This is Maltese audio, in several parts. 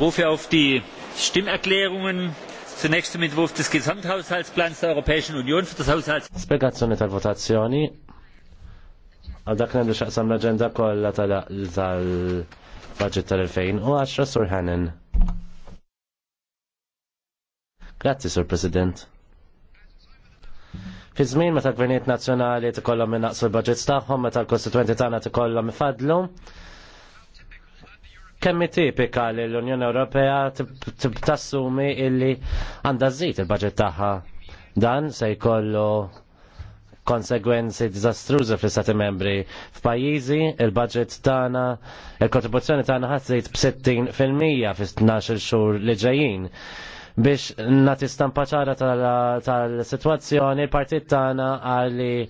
rufe auf die Stimmerklärungen zunächst zum Entwurf des Gesamthaushaltsplans der Europäischen Union für das Haushalts. Spiegazzjoni tal-votazzjoni. Għal dak nendu xaqsam l-agenda kollha tal-budget tal-2010 Sur Hannon. Grazzi, Sur President. Fi żmien meta l-gvernijiet nazzjonali tikollhom innaqsu l-budgets tagħhom meta l-kostituenti tagħna tikollhom ifadlu, kemmi tipika li l-Unjoni Ewropea tassumi illi għandha żżid il-budget tagħha. Dan se jkollu konsegwenzi diżastrużi fl-Istati membri f'pajjiżi, il-budget tagħna, il-kontribuzzjoni tagħna ħadd żejt b'60 fil-mija fis-12 xhur li ġejjin biex nati stampa ċara tal-situazzjoni il-partit tana għalli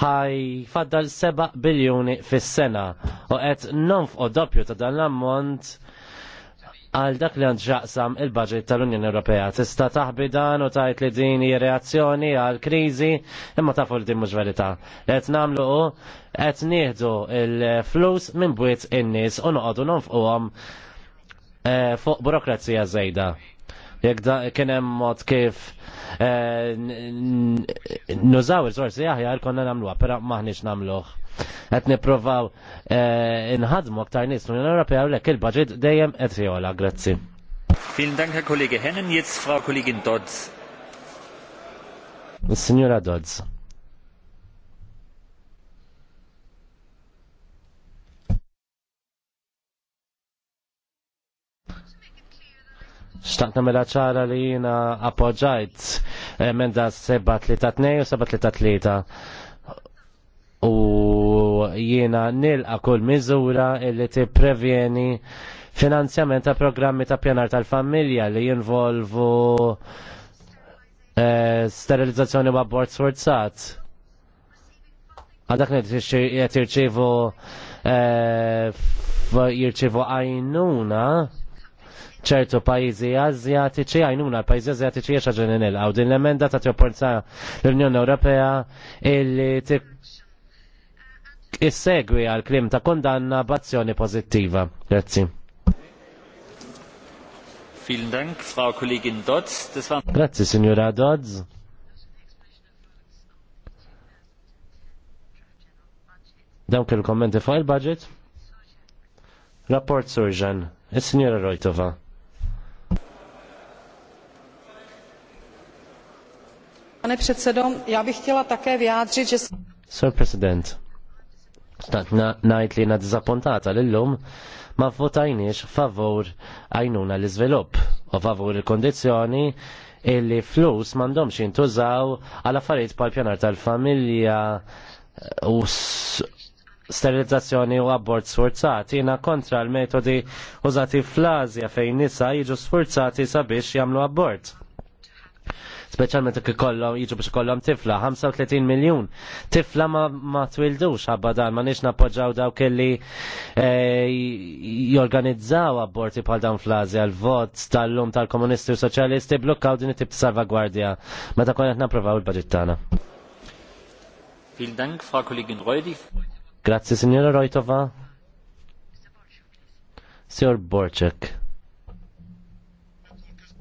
ħaj faddal 7 biljuni fis-sena u qed u doppju ta' dan l-ammont għal dak li għandġaqsam il-budget tal-Unjoni Ewropea. Tista taħbi dan u tajt li din reazzjoni għal krizi imma tafu l din mhux verità. Qed nagħmlu u qed nieħdu l-flus minn bwiet in-nies u noqogħdu nonfquhom eh, fuq burokrazija żejda jek da kienem mod kif eh, nużaw il sorsi aħjar konna namluwa, pera maħnix namluħ. Qed nippruvaw eh, inħadmu għaktar nis l-Unjoni Ewropea u lek il-baġit dejjem qed jola, grazzi. Vielen Dank, Herr Kollege Hennen. Jetzt Frau Kollegin Dodds. Signora Dodds. Xtaqt namela ċara li jina appoġġajt eh, emenda 732 u 733 u jiena nilqa kull miżura li tipprevjeni finanzjament ta' programmi ta' pjanar tal-familja li jinvolvu eh, sterilizzazzjoni u abort sforzat. Għadak qed jirċivu eh, jirċivu jirċievu għajnuna ċertu pajjiżi azjatiċi għajnuna l pajizi azjatiċi jiex ħaġa għaw din l-emenda ta' tjopporza l-Unjoni Ewropea illi t-segwi għal krim ta' kondanna b'azzjoni pozittiva. Grazzi. Vielen Dank, Frau Kollegin Dodds. Das war Grazie, signora Dodds. Dawk il-kommenti fuq il-budget. Rapport Surgeon, il-Signora Rojtova. Sir President, najt li na dizappontata l-lum ma votajniex favor għajnuna l izvelop u favor il-kondizjoni illi flus mandom jintużaw għal affarijiet pal pjanar tal-familja u sterilizzazzjoni u abort sforzati jina kontra l-metodi użati fl-Azja fejn nisa jiġu sforzati sabiex jamlu abort speċjalment jekk kollom, jiġu biex ikollhom tifla, 35 miljun. Tifla ma, ma twildux ħabba ma nix nappoġġaw dawk illi eh, jorganizzaw aborti bħal dawn fl għal l-vot tal-lum tal-komunisti u soċjalisti blokkaw din it-tip salvagwardja. Meta ta' qed napprovaw il-baġit tagħna. Vielen Dank, Frau Kollegin Reudig. Grazie, signora Reutova. Sir Borczek.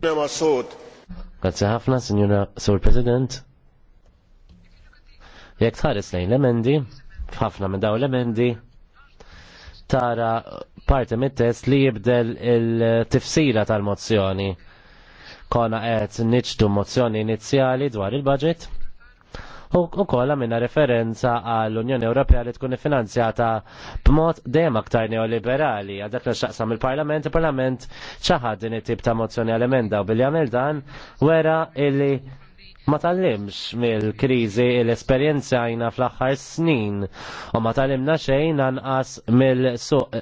Nem a szót Grazzi ħafna, Signora Sur President. Jekk tħares lejn l-emendi, ħafna minn daw l-emendi, tara parti mit-test li jibdel il-tifsira tal-mozzjoni. Kona qed niċtu mozzjoni inizjali dwar il-budget, u kolla minna referenza għall-Unjoni Ewropea li tkun finanzjata b'mod dejjem aktar neoliberali. Għadek li xaqsam il-Parlament, il-Parlament ċaħad din it-tip ta' mozzjoni għal-emenda u billi għamil dan wera illi ma tallimx mill-krizi l esperjenzajna fl-axħar snin u ma tallimna xejn anqas mill-suq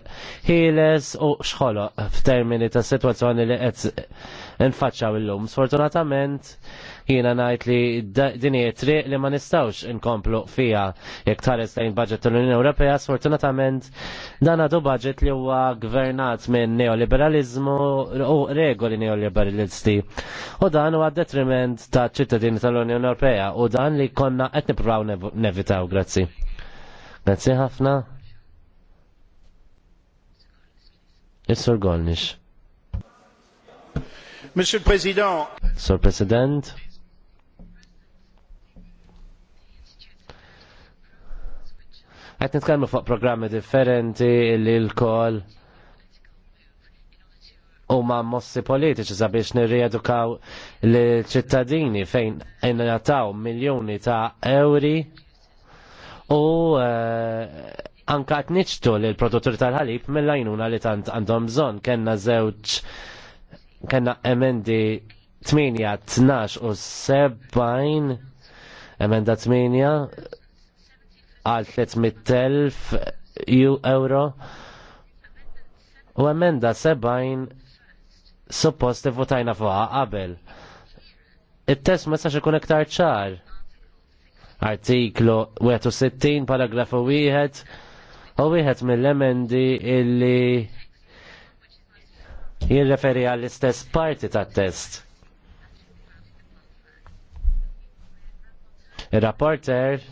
ħiles u xħolo f'termini ta' situazzjoni li qed nfaċċaw illum. Sfortunatament jiena ngħid li din hija triq li ma nistgħux inkomplu fiha jekk tħares lejn budget tal-Unjoni Ewropea, sfortunatament dan għadu budget li huwa gvernat minn neoliberalizmu u regoli neoliberalisti. U dan huwa detriment ta' ċittadini tal-Unjoni Ewropea u dan li konna qed nippruvaw nevitaw, grazzi. Grazzi ħafna. Is-sur Golnish. Monsieur le Président. President. Għet nitkellmu fuq programmi differenti li l-kol u ma mossi politiċi sabiex nirriedukaw l-ċittadini fejn jnataw miljoni ta' euri u eh, anka t-niċtu l-produttur tal-ħalib mill-lajnuna li tant għandhom bżon. kena zewċ kena emendi 8, 12 u 7 emenda 8 għal 300.000 euro u emenda 7 suppost votajna fuqha qabel. It-test ma sax ikun iktar ċar. Artiklu 61 paragrafu wieħed u wieħed mill-emendi illi jirreferi għall-istess parti tat test. Il-rapporter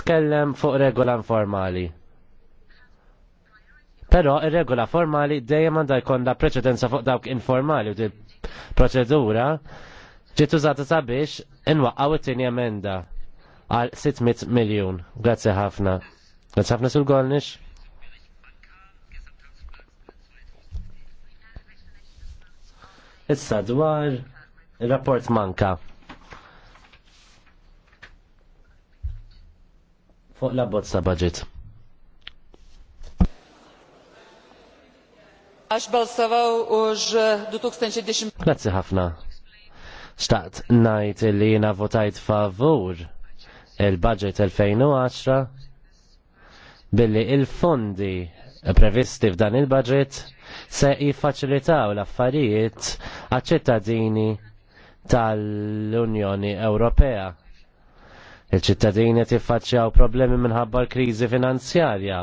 tkellem fuq regola informali. Però ir-regola formali dejjem għandha da' preċedenza fuq dawk informali u di proċedura ġiet użata sabiex inwaqqaw it-tieni emenda għal 600 miljun. Grazzi ħafna. Grazzi ħafna sul-golnix. Issa dwar rapport manka. Fuq la bozza budget. Għax balsavaw uġ 2010. Grazie ħafna. Xtaqt najt li jina votajt favur il-budget 2010 billi il-fondi previsti f'dan il-budget se jiffaċilitaw l-affarijiet għal-ċittadini tal-Unjoni Ewropea. Il-ċittadini tiffaċċjaw problemi minħabba l-kriżi finanzjarja.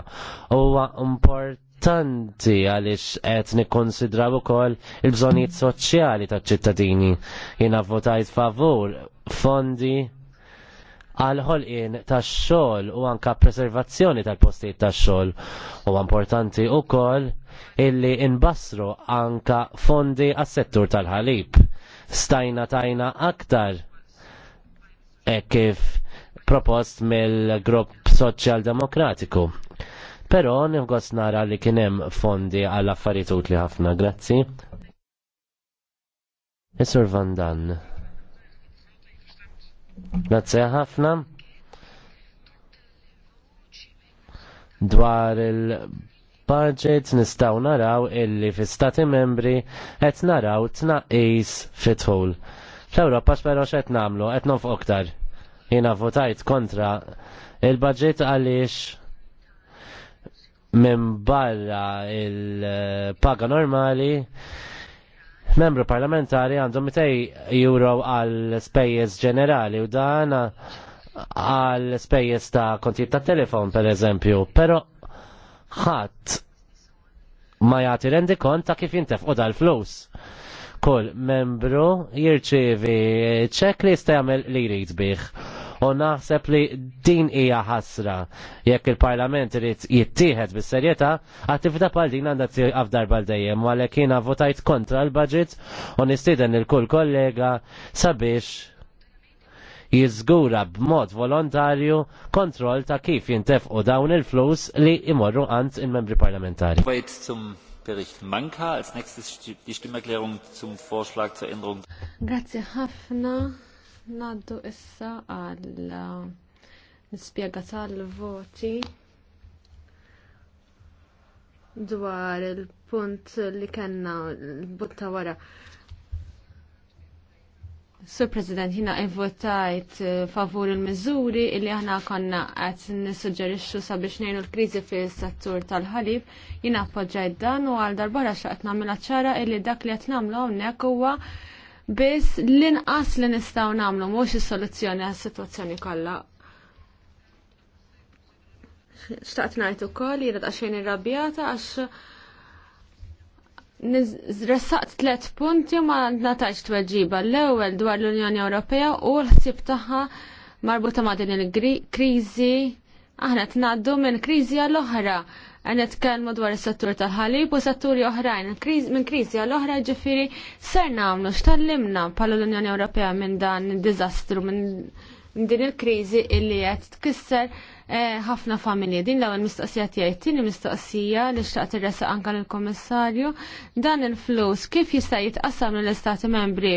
Huwa importanti għaliex qed nikkonsidraw ukoll il-bżonijiet soċjali taċ-ċittadini. Jiena votajt favur fondi għal-ħolqien tax-xogħol u anka preservazzjoni tal-postijiet tax-xogħol u importanti wkoll illi inbassru anka fondi għas-settur tal-ħalib. Stajna tajna aktar e kif propost mill-grupp soċjal-demokratiku. Però nifgost nara li kien hemm fondi għall affarijiet utli ħafna, grazzi. Isur Van Dan. Grazie ħafna. Dwar il-budget nistaw naraw illi fi stati membri qed naraw tnaqis fit Fl-Ewropa x'pero x'et nagħmlu qed nonfoq iktar. Jina votajt kontra il-budget għaliex minn barra il-paga normali membru parlamentari għandhom 200 euro għal spejjeż ġenerali u dan għal spejjeż ta' kontijiet ta' telefon per eżempju, pero ħadd ma jagħti rendi kont ta' kif jintef u dal-flus. Kull membru jirċievi ċek li jista' jagħmel li jrid bih. U naħseb li din hija ħasra jekk il-Parlament irid jittieħed bis-serjetà, attività bħal din għandha tieqaf darba dejjem u għalhekk jiena votajt kontra l-budget u nistieden il-kull kollega sabiex jiżgura b'mod volontarju kontroll ta' kif jintefqu dawn il-flus li imorru għand il-membri parlamentari. Bericht Manka. Als nächstes die Stimmerklärung zum Vorschlag zur Änderung. Grazie ħafna. Naddu issa għal uh, nispiega tal-voti dwar il-punt li kena l-butta wara. Sur President, jina votajt uh, favur il-mizuri illi aħna konna għet nissuġġerixxu sabiex nejnu l-krizi fil-settur tal-ħalib, jina appoġġajt dan u għal darbara xaqt namela ċara illi dak li għet namlu għonnek huwa biss l-inqas li nistgħu nagħmlu mhux is-soluzzjoni għas-sitwazzjoni kollha. Xtaqt ngħid ukoll jiena daqsxejn irrabjata għax Ressaqt tlet punti ma nataċ tweġiba l-ewwel dwar l-Unjoni Ewropea u l-ħsieb tagħha marbuta ma' din il-kriżi aħna tnaddu minn kriżi għall-oħra għan nitkellmu dwar is-settur tal-ħalib u setturi oħrajn minn kriżi għal oħra ġifiri ser nagħmlu x'tallimna bħala l-Unjoni Ewropea minn dan id-diżastru minn din il-kriżi illi qed tkisser eh, ħafna familji. Din l-ewwel mistoqsija tiegħi tieni mistoqsija li xtaqt irresaq anke lill-Kummissarju dan il-flus kif jista' jitqassam lill-Istati Membri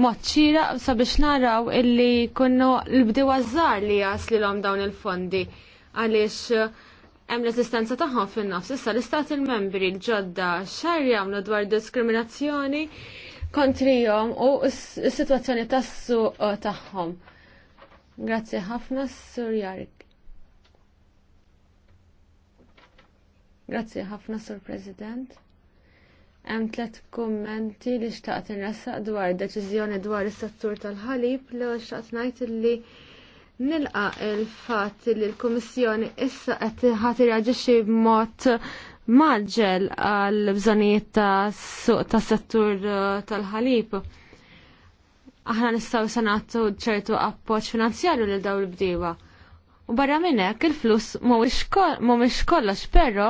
mod ċira sabiex naraw illi kunnu l bdiwa għazzar li li l-om dawn il-fondi għaliex hemm l esistenza tagħhom fin-nofs. Issa l-istati membri l-ġodda xar jagħmlu dwar diskriminazzjoni kontrihom u s-sitwazzjoni tas-suq tagħhom. Grazzi ħafna Sur Jarik. Grazzi ħafna Sur President. Hemm tliet kummenti li xtaqt inressaq dwar deċiżjoni dwar is-settur tal-ħalib li xtaqt ngħid li nilqa il-fat li l-Komissjoni issa qed ħati reaġixxi b'mod maġġel għal bżonijiet ta' suq ta' settur uh, tal-ħalib. Aħna nistgħu se nagħtu ċertu appoġġ finanzjarju lil dawn il-bdiewa. U barra minn hekk il-flus mhumiex kollox però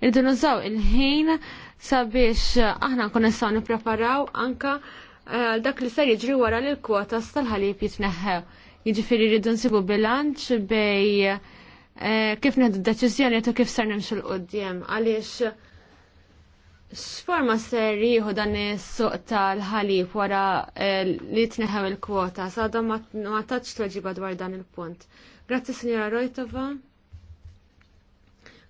rridu nużaw il-ħin sabiex aħna nkun nistgħu nippreparaw anke uh, dak li se jiġri wara li l kwotas tal-ħalib jitneħħew Jiġifieri rridu nsibu bilanċ bej eh, kif neħdu d-deċiżjoni u kif ser nimxu l-qudiem għaliex X'forma ser jieħu dan is-suq tal-ħalib wara eh, li tneħew il-kwota, sada ma tatx tweġiba dwar dan il-punt. Grazzi Sinjora Rojtova.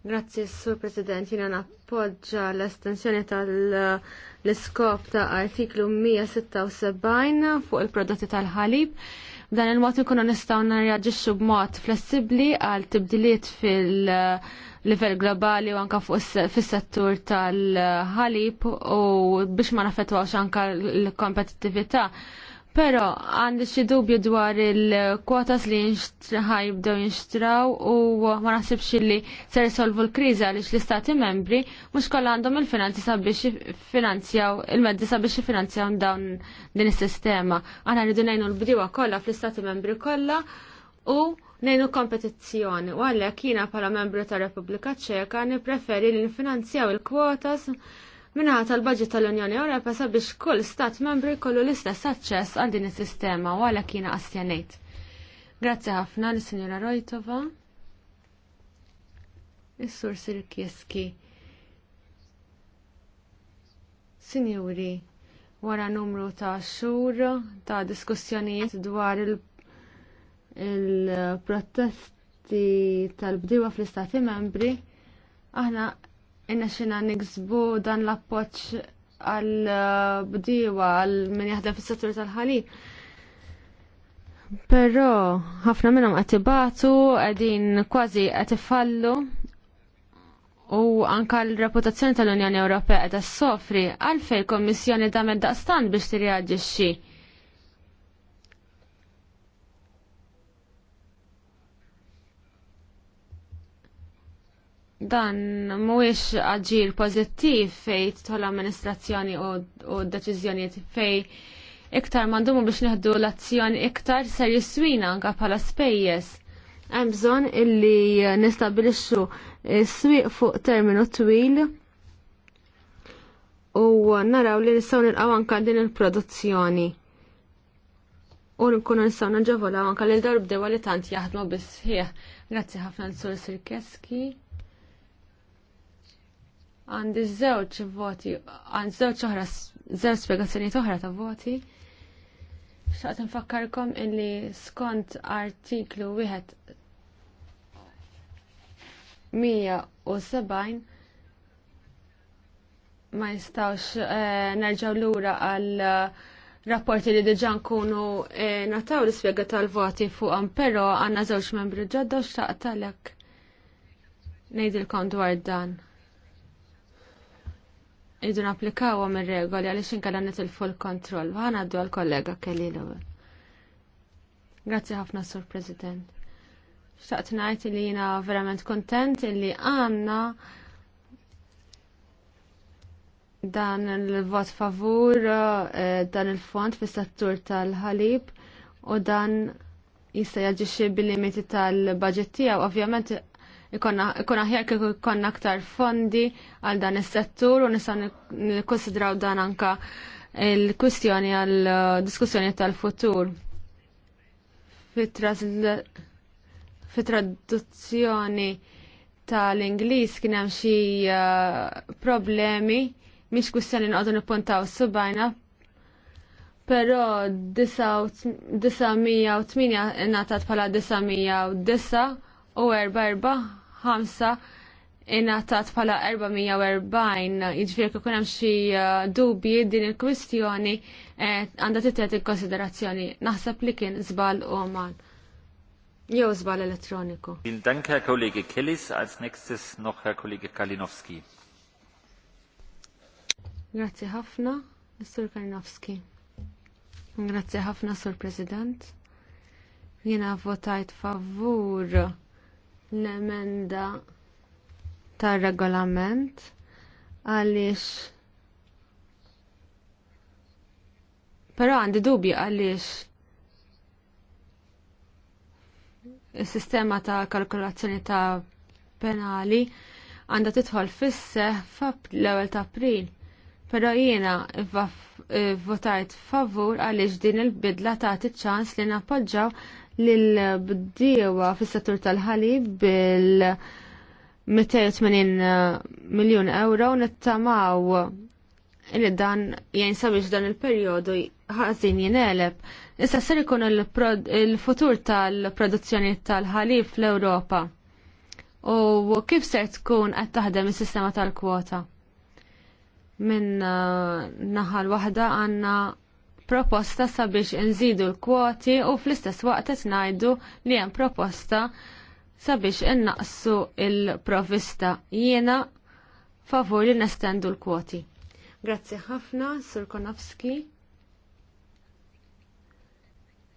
Grazzi Sur President, jiena nappoġġa l-estensjoni tal-iskop ta' artiklu 176 fuq il-prodotti tal-ħalib. Dan il-mod ikunu nistgħu nirreaġixxu b'mod flessibbli għal tibdiliet fil-livell globali u anka fuq fis-settur tal-ħalib u biex ma nafetwawx anka l-kompetittività Pero għandi xi dubju dwar il-kwotas li jibdew jinxtraw u ma naħsibx li se risolvu l-kriżi għaliex l-istati membri mhux kollha għandhom il-finanzi sabiex jiffinanzjaw il-mezzi sabiex jiffinanzjaw dawn din is-sistema. Aħna rridu ngħinu l-bdiewa kollha fl-istati membri kollha u ngħinu kompetizzjoni u għalhekk jiena bħala membru tar Repubblika Ċeka nippreferi li nfinanzjaw il-kwotas il kwotas minna tal-budget tal-Unjoni Ewropa sabiex kull stat membri kollu l-istess aċċess għal din is-sistema u għalhekk jiena qasjanejt. Grazzi ħafna lis sinjora Rojtova. Is-Sur Sirkieski. Sinjuri, wara numru ta' xhur ta' diskussjonijiet dwar il-protesti il protesti tal-bdiewa fl-istati membri, aħna inna xina niksbu dan l-appoċ għal-bdiwa uh, għal min jaħdem fis-settur tal ħali Però ħafna minnhom qed ibatu qegħdin kważi qed ifallu u anka l-reputazzjoni tal-Unjoni Ewropea qed soffri għalfejn il-Kommissjoni dam daqstan biex tirreaġixxi. dan mhuwiex aġir pożittiv fej tħol amministrazzjoni u deċiżjonijiet fej iktar mandumu biex nieħdu l-azzjoni iktar ser jiswina anke bħala spejjeż. Hemm bżonn illi nistabilixxu swieq fuq terminu twil u naraw li nistgħu nilqgħu anke din il-produzzjoni. U nkunu nistgħu naġevolaw anke lil darbdewa li tant jaħdmu biss Grazzi ħafna l-Sur Sirkeski għandi żewġ voti, għandi żewġ oħra, żewġ spjegazzjonijiet oħra ta' voti. Xaqt nfakkarkom illi skont artiklu wieħed 170 ma jistawx eh, nerġaw lura għal eh, rapporti li diġa nkunu eh, nataw l-ispjega tal-voti fuqhom, però għandna żewġ membri ġodda xtaqtalek ngħidilkom dwar dan. Idu naplikaw għom il-regoli għalix inkalla nitilfu full control. Għana għaddu għal-kollega kelli l għu Grazzi ħafna, Sur President. Xtaqt najt li jina verament kontent li għanna dan il-vot favur eh, dan il-fond fis settur tal-ħalib u dan jista' jaġixxi bil-limiti tal-budget tiegħu. Ovvjament ikun aħjar kif ikonna aktar fondi għal dan is-settur u nistgħu nikkonsidraw dan anka il-kwistjoni għal uh, diskussjoni tal-futur. Fit-traduzzjoni tal-Ingliż kien hemm xi uh, problemi mhix kwistjoni noqogħdu nippuntaw subajna Pero 908 ingħatat bħala 909 u 445 inatat pala 440 jġifir kikun hemm xi uh, dubji din il-kwistjoni eh, għandha tittet il-konsiderazzjoni. Naħseb li kien zbal u mal. Jew zbal elettroniku. Vielen Dank, kollegi Kellis. Als nächstes noch kollegi Kollege Kalinowski. Grazie ħafna, Mr. Kalinowski. Grazie ħafna, Sur President. Jiena votajt favur l-emenda tar regolament għaliex però għandi dubi għaliex il-sistema ta' kalkolazzjoni ta' penali għandha tidħol fis-seħħ l-ewwel ta' April. Pero jiena eh, votajt favur għaliex din il-bidla tagħti ċans li nappoġġaw l bdiewa fis-settur tal-ħalib bil 280 eh, miljon euro nittamaw li dan jgħin sabiex dan il-perjodu ħażin jineleb. Issa ser ikun il-futur tal-produzzjoni tal-ħalib fl-Ewropa. U kif ser tkun qed taħdem is-sistema tal-kwota? minn uh, naħal waħda għanna proposta sabiex nżidu l-kwoti u fl-istess waqt qed ngħidu li hemm proposta sabiex innaqsu il-provista jiena favur li nestendu l-kwoti. Grazzi ħafna, Sur Konofski.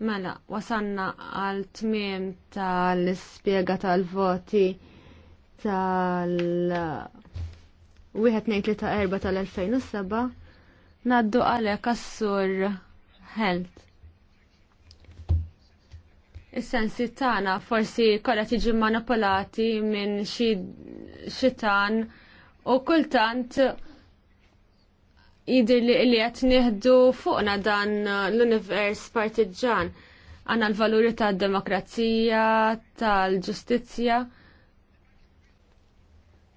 Mela, wasanna għal tmiem tal-ispjega tal-voti tal-, -voti tal 1234 tal-2007 naddu għalek assur health. Is-sensi tagħna forsi kollha tiġi manipolati minn xi xitan u kultant jidir li li għat nieħdu fuqna dan l-univers partiġan għanna l-valuri tad demokrazija, tal-ġustizja,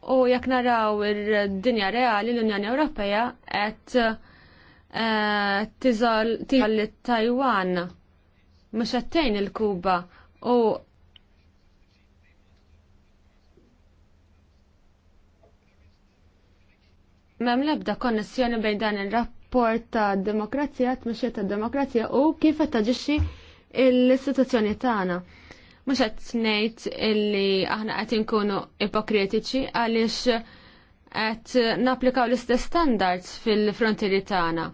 U jekk naraw id dinja reali l-Unjoni Ewropea qed eh, tiżol lit-Taiwan mhux qed il-Kuba u Mem lebda konnessjoni bejn dan il-rapport ta' demokrazija, t-mixi ta' demokrazija u kif taġixxi l-istituzzjoni tagħna. Mhux qed ngħid illi aħna qed inkunu ipokritiċi għaliex qed napplikaw l-istess standards fil-frontieri tagħna.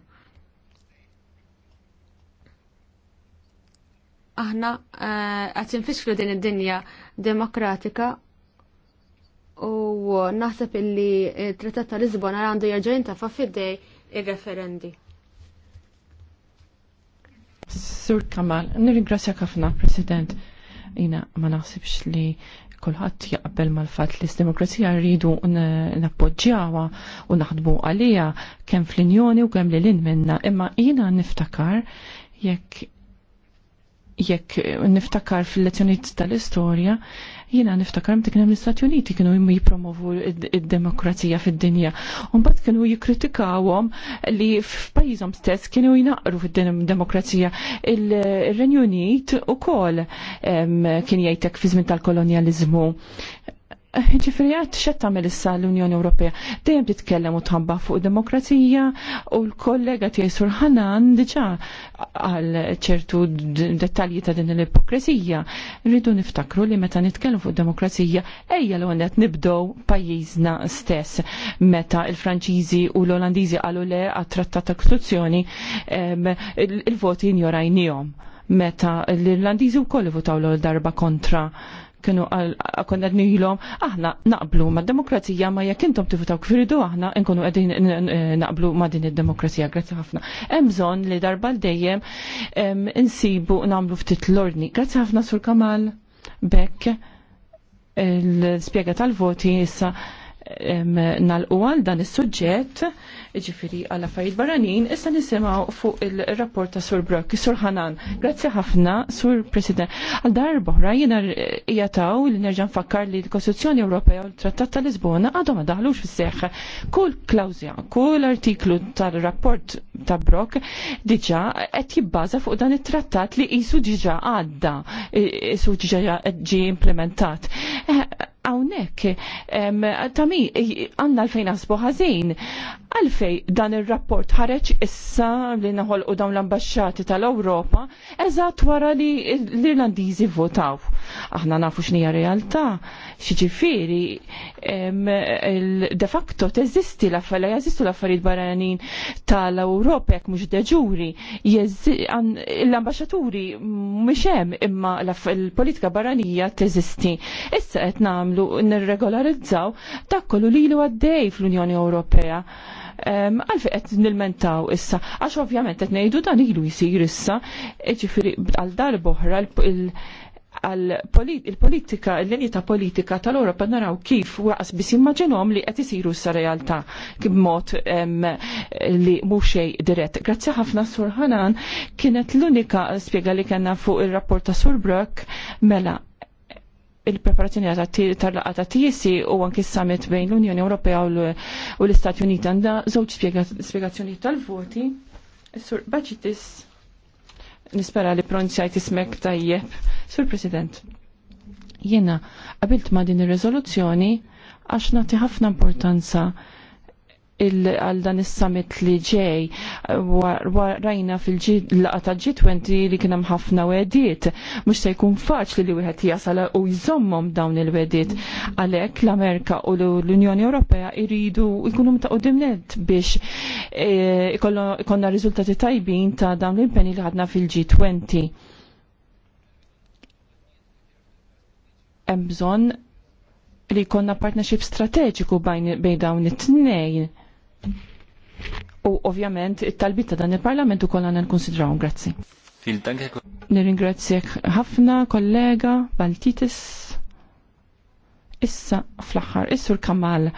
Aħna eh, qed infixklu din id-dinja demokratika u naħseb illi trattat ta' Lisbona għandu jerġa' jintafa' fid-dej referendi Sur Kamal, nirringrazzjak ħafna, President. Jina ma naħsibx li kulħadd jaqbel mal-fatt li s-demokrazija rridu nappoġġjawha u naħdbu għalija kemm fl injoni u kemm in minna, imma jina niftakar jekk jekk niftakar fil-lezzjoniet tal-istorja, jiena niftakar mtik nem l-Istati Uniti kienu jipromovu id-demokrazija fid-dinja. Unbat kienu jikritikawom li f'pajjiżhom stess kienu jinaqru fid-demokrazija. Il-Renju Unit ukoll kien jgħidek fi żmien tal kolonializmu ġifri għat xetta għamil issa l-Unjoni Ewropea. Dejjem titkellem u tħabba fuq demokrazija u l-kollega tiegħi Surħanan diġà għal ċertu dettalji ta' din l-ipokrizija. Rridu niftakru li meta nitkellmu fuq demokrazija ejja l għandet nibdow pajjiżna stess. Meta il-Franċiżi u l-Olandiżi qalu le għat-trattat ta' kostituzzjoni il-voti njorajnijom. meta l-Irlandiżi u koll votaw l-darba kontra kienu konna nilom, aħna naqblu ma' demokrazija ma' jekk intom tifutaw kfiridu aħna nkunu għedin naqblu ma' din id-demokrazija, grazzi ħafna. Emżon li darba dejjem insibu namlu ftit l-ordni. Grazzi ħafna sur Kamal Bekk l-spiega tal-voti issa nal-għal dan is-suġġett ġifiri għal affarijiet barranin, issa nisimaw fuq il-rapport ta' Sur Brock, Sur Hanan. Grazzi ħafna, Sur President. Għal darbohra jena jataw li nerġan fakkar li l-Kostituzzjoni Ewropea u l-Trattat ta' Lisbona għadhom daħlux fis Kull klawzja, kull artiklu tal-rapport ta' Brock diġa qed jibbaża fuq dan it-trattat li qisu diġa għadda, jisu diġa ġi implementat. Eh, hawnhekk tami għanna l-fejn nasbu ħażin. Għalfej dan ir-rapport ħareġ issa li naħolqu dawn l-ambasċati tal-Ewropa eżatt wara li l-Irlandiżi votaw. Aħna nafu x'nija realtà, xiġifieri de facto teżisti l-affarijiet, jazistu l-affarijiet barranin tal-Ewropa jekk mhux deġuri, l-ambasċaturi mhix hemm imma l-politika barranija teżisti. Issa qed nagħmlu nagħmlu nirregolarizzaw dak kollu lilu għaddej fl-Unjoni Ewropea. Għalfi qed nilmentaw issa, għax ovvjament qed ngħidu dan ilu jsir issa, ġifieri għal darb'oħra il-politika, l-linji ta' politika tal-Europa naraw kif waqas bis immaġinom li qed isiru sa' realtà b'mod li mhux xejn dirett. Grazzi ħafna Sur Hanan kienet l-unika spjega li kellna fuq ir-rapport ta' Sur Brock mela il-preparazzjoni tal-laqa ta' Tiesi u anki summit bejn l-Unjoni Ewropea u l-Istati Uniti għandha żewġ spiegazzjoni tal-voti. Sur Baċitis, nispera li pronzjajt ismek tajjeb. Sur President, jena qabilt ma' din ir-riżoluzzjoni għax nagħti ħafna importanza għal dan is-summit li ġej rajna fil-laqa ta' G20 li kien hemm ħafna wediet Mhux se jkun faċli li wieħed jasal u jżommhom dawn il wediet Għalhekk l-Amerika u l-Unjoni Ewropea jridu jkunu mtaqudimnet biex e, ikollna riżultati tajbin ta' dawn l impenni li ħadna fil-G20. Hemm bżonn li jkollna partnership strateġiku bejn dawn it-tnejn U ovvjament it ta' dan il-Parlament ukoll għandna nkonsidrawhom. Grazzi. Nirringrazzjak ħafna kollega Baltitis. Issa fl-aħħar, is-Sur Kamal,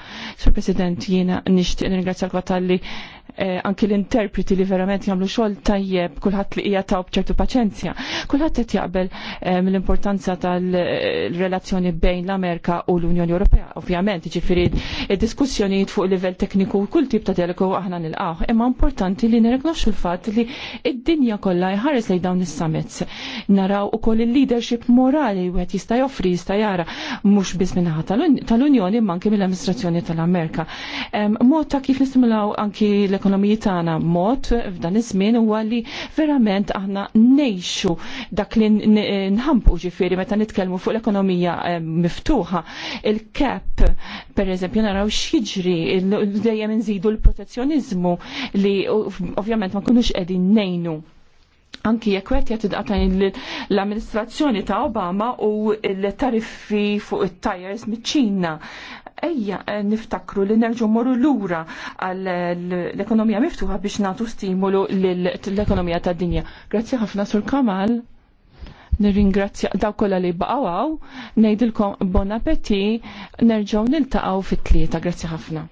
Sur President, jiena nixtieq nirringrazzjak tal Eh, anki l-interpreti li verament jagħmlu xogħol tajjeb, kulħadd li hija taw bċertu paċenzja. Kulħadd qed jaqbel eh, mill-importanza tal-relazzjoni bejn l-Amerika u l-Unjoni Ewropea. Ovvjament, ġifiri id-diskussjonijiet fuq livell tekniku u kull tip ta' teleku aħna nilqgħu. Imma importanti li nirriknoxxu l-fatt li id-dinja kollha jħares lejn dawn is-summits. Naraw ukoll il-leadership morali wieħed jista' joffri, jista' jara mhux biss minnaħa tal-Unjoni manki anke mill-amministrazzjoni tal-Amerika. Mod ta' kif nistimulaw anki l-ekonomija l-ekonomiji tagħna mod f'dan iż-żmien huwa li verament aħna nejxu dak li nħampu ġifieri meta nitkellmu fuq l-ekonomija eh, miftuħa. Il-kep, per eżempju, naraw x'jiġri dejjem nżidu l protezzjoniżmu li ovvjament ma kunux qegħdin nejnu anki jekk qed jagħti l-amministrazzjoni ta' Obama u l-tariffi fuq it-tires miċ-Ċina. Ejja eh, niftakru li nerġu morru lura għal l-ekonomija miftuħa biex nagħtu stimulu l-ekonomija tad-dinja. Grazzi ħafna sur Kamal. Nirringrazzja daw kollha li baqgħu nejdilkom bon appeti, nerġgħu niltaqgħu fit-tlieta. Grazzi ħafna.